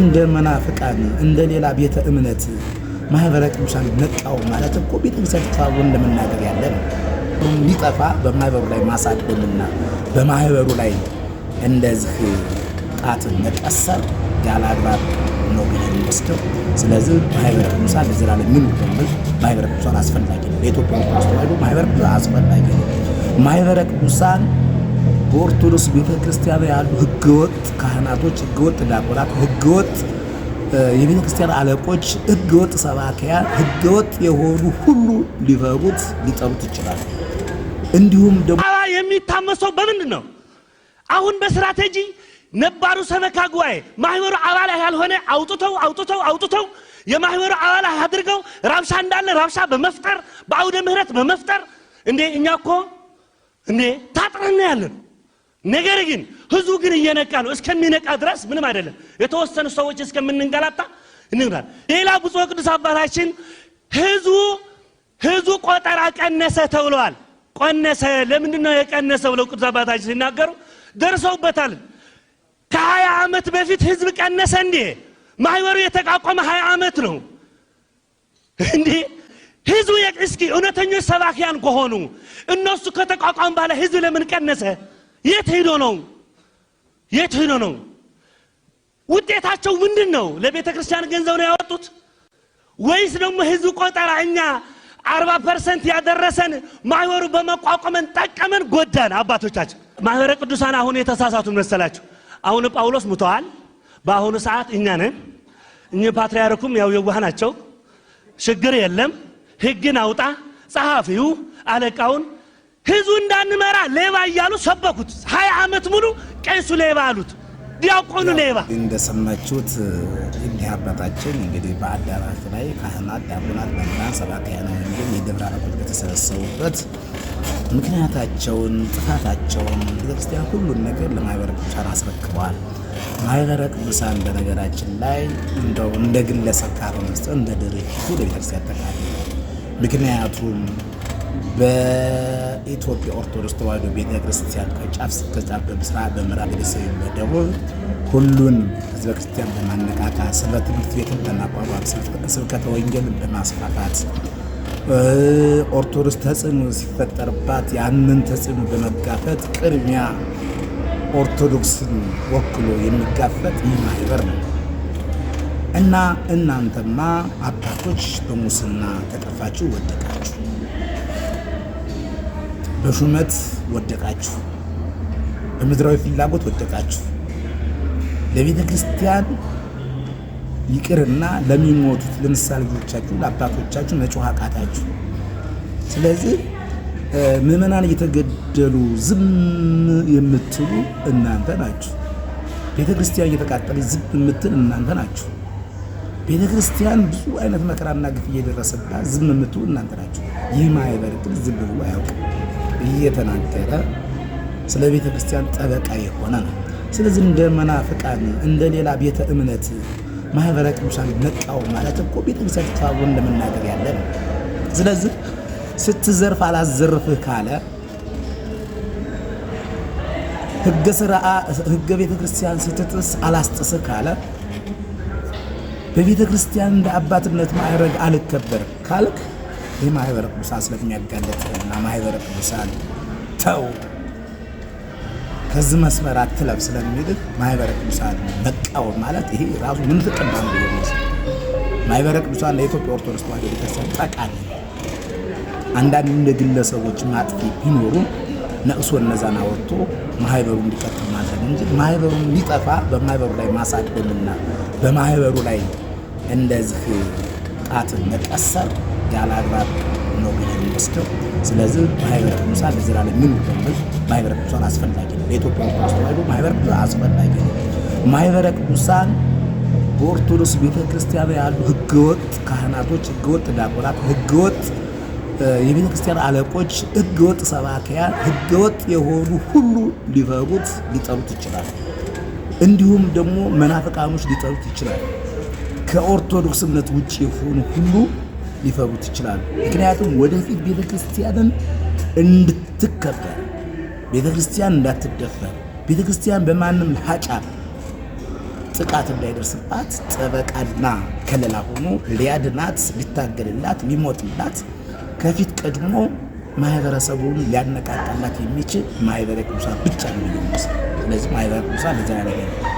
እንደ መናፍቃን እንደ ሌላ ቤተ እምነት ማህበረ ቅዱሳን ነቃው ማለት እኮ ቤተ ቤተክርስቲያን ተተባብሮ እንደምናገር ያለ ነው። ሊጠፋ በማህበሩ ላይ ማሳደምና በማህበሩ ላይ እንደዚህ ጣት መቀሰር ያለ አግባብ ነው ብለን ወስደው። ስለዚህ ማህበረ ቅዱሳን ለዘላለም ምን ይሆናል? ማህበረ ቅዱሳን አስፈላጊ ነው። ለኢትዮጵያ ኦርቶዶክስ ተዋሕዶ ማህበረ ቅዱሳን አስፈላጊ ነው። ማህበረ ቅዱሳን በኦርቶዶክስ ቤተ ክርስቲያን ያሉ ህገወጥ ካህናቶች፣ ህገወጥ ዲያቆናት፣ ህገወጥ የቤተ ክርስቲያን አለቆች፣ ህገወጥ ሰባኪያን፣ ህገወጥ የሆኑ ሁሉ ሊፈሩት ሊጠሩት ይችላል። እንዲሁም ደግሞ የሚታመሰው በምንድን ነው? አሁን በስትራቴጂ ነባሩ ሰበካ ጉባኤ ማህበሩ አባል ያልሆነ አውጥተው አውጥተው አውጥተው የማህበሩ አባል አድርገው ራብሻ እንዳለ ራብሻ በመፍጠር በአውደ ምህረት በመፍጠር እንዴ እኛ እኮ እንዴ ታጥረን ያለን ነገር ግን ህዝቡ ግን እየነቃ ነው። እስከሚነቃ ድረስ ምንም አይደለም። የተወሰኑ ሰዎች እስከምንንገላታ እንብላል። ሌላ ብፁዕ ቅዱስ አባታችን ህዝቡ ህዝቡ ቆጠራ ቀነሰ ተብለዋል። ቆነሰ ለምንድን ነው የቀነሰ ብለው ቅዱስ አባታችን ሲናገሩ ደርሰውበታል። ከሀያ ዓመት በፊት ህዝብ ቀነሰ እንዴ? ማህበሩ የተቋቋመ ሀያ ዓመት ነው እንዴ? ህዝቡ እስኪ እውነተኞች ሰባኪያን ከሆኑ እነሱ ከተቋቋሙ በኋላ ህዝብ ለምን ቀነሰ? የት ሄዶ ነው? የት ሄዶ ነው? ውጤታቸው ምንድን ነው? ለቤተ ክርስቲያን ገንዘብ ነው ያወጡት ወይስ ደግሞ ህዝብ ቆጠራ እኛ አርባ ፐርሰንት ያደረሰን ማህበሩ በመቋቋመን ጠቀመን፣ ጎዳን። አባቶቻችን ማህበረ ቅዱሳን አሁን የተሳሳቱን መሰላቸው። አሁን ጳውሎስ ሙተዋል። በአሁኑ ሰዓት እኛ ነን። እኚህ ፓትርያርኩም ያው የዋህ ናቸው። ችግር የለም። ህግን አውጣ ጸሐፊው አለቃውን ህዝቡ እንዳንመራ ሌባ እያሉ ሰበኩት። ሀያ ዓመት ሙሉ ቄሱ ሌባ አሉት፣ ዲያቆኑ ሌባ። እንደሰማችሁት እንዲህ አባታችን እንግዲህ በአዳራሽ ላይ ካህናት፣ ዲያቆናት፣ መምህራን፣ ሰባክያነ ወንጌል የደብረ አባቶች በተሰበሰቡበት ምክንያታቸውን፣ ጥፋታቸውን ቤተክርስቲያን ሁሉን ነገር ለማህበረ ቅዱሳን አስረክበዋል። ማህበረ ቅዱሳን በነገራችን ላይ እንደው እንደ ግለሰብ ካልሆነ እንደ ድርጅቱ ለቤተክርስቲያን ጠቃሚ ምክንያቱም በኢትዮጵያ ኦርቶዶክስ ተዋሕዶ ቤተክርስቲያን ከጫፍ እስከ ጫፍ በምስራቅ በምዕራብ በሰሜን ሁሉን ህዝበ ክርስቲያን በማነቃቃት ስለ ትምህርት ቤትን በማቋቋም ስብከተ ወንጌልን በማስፋፋት ኦርቶዶክስ ተጽዕኖ ሲፈጠርባት ያንን ተጽዕኖ በመጋፈጥ ቅድሚያ ኦርቶዶክስን ወክሎ የሚጋፈጥ ማህበር ነው እና እናንተማ አባቶች በሙስና ተጠፋችሁ ወደቃችሁ። በሹመት ወደቃችሁ፣ በምድራዊ ፍላጎት ወደቃችሁ። ለቤተ ክርስቲያን ይቅርና ለሚሞቱት ለንስሐ ልጆቻችሁ ለአባቶቻችሁ መጮህ አቃታችሁ። ስለዚህ ምዕመናን እየተገደሉ ዝም የምትሉ እናንተ ናችሁ። ቤተ ክርስቲያን እየተቃጠለች ዝም የምትል እናንተ ናችሁ። ቤተ ክርስቲያን ብዙ አይነት መከራና ግፍ እየደረሰባት ዝም የምትሉ እናንተ ናችሁ። ይህ ማህበር ግን ዝም ብሎ አያውቅም። እየተናገረ ስለ ቤተ ክርስቲያን ጠበቃ የሆነ ነው። ስለዚህ እንደ መናፍቃን እንደ ሌላ ቤተ እምነት ማህበረ ቅዱሳን መቃወም ማለት እኮ ቤተ ክርስቲያን ተተባብሮ እንደምናገር ያለ ነው። ስለዚህ ስትዘርፍ አላዘርፍህ ካለ ህገ ስርዓ ህገ ቤተ ክርስቲያን ስትጥስ አላስጥስህ ካለ በቤተ ክርስቲያን እንደ አባትነት ማዕረግ አልከበርም ካልክ ይህ ማህበረ ቅዱሳን ስለሚያጋለጥ እና ማህበረ ቅዱሳን ተው ከዚህ መስመር አትለፍ ስለሚል ማህበረ ቅዱሳን መቃወም ማለት ይሄ ራሱ ምን ጥቅም ነው? ማህበረ ቅዱሳን ለኢትዮጵያ ኦርቶዶክስ ተዋሕዶ ቤተክርስቲያን ጠቃሚ አንዳንድ እንደ ግለሰቦች ማጥፊ ቢኖሩ ነቅሶ እነዛን አወጥቶ ማህበሩ እንዲቀጥል ማለት እንጂ ማህበሩ እንዲጠፋ በማህበሩ ላይ ማሳደምና በማህበሩ ላይ እንደዚህ ጣትን መቀሰር ያለ አግባብ ነው የሚወስደው። ስለዚህ ማህበረ ቅዱሳን ለዘላለም ምን ይሆናል? ማህበረ ቅዱሳን አስፈላጊ ነው። ለኢትዮጵያ ኦርቶዶክስ ተዋሕዶ ማህበረ ቅዱሳን አስፈላጊ ነው። ማህበረ ቅዱሳን በኦርቶዶክስ ቤተክርስቲያን ያሉ ህገወጥ ካህናቶች፣ ህገወጥ ዲያቆናት፣ ህገወጥ የቤተ ክርስቲያን አለቆች፣ ህገወጥ ሰባኪያን፣ ህገወጥ የሆኑ ሁሉ ሊፈሩት ሊጠሩት ይችላል። እንዲሁም ደግሞ መናፍቃኖች ሊጠሩት ይችላል። ከኦርቶዶክስ እምነት ውጭ የሆኑ ሁሉ ሊፈሩት ይችላሉ። ምክንያቱም ወደፊት ቤተክርስቲያንን እንድትከበር ቤተክርስቲያን እንዳትደፈር ቤተክርስቲያን በማንም ሀጫ ጥቃት እንዳይደርስባት ጠበቃና ከለላ ሆኖ ሊያድናት፣ ሊታገልላት፣ ሊሞትላት ከፊት ቀድሞ ማህበረሰቡን ሊያነቃቃላት የሚችል ማህበረ ቅዱሳን ብቻ ነው። ስለዚህ ማህበረ ቅዱሳን ለዚያ ነገር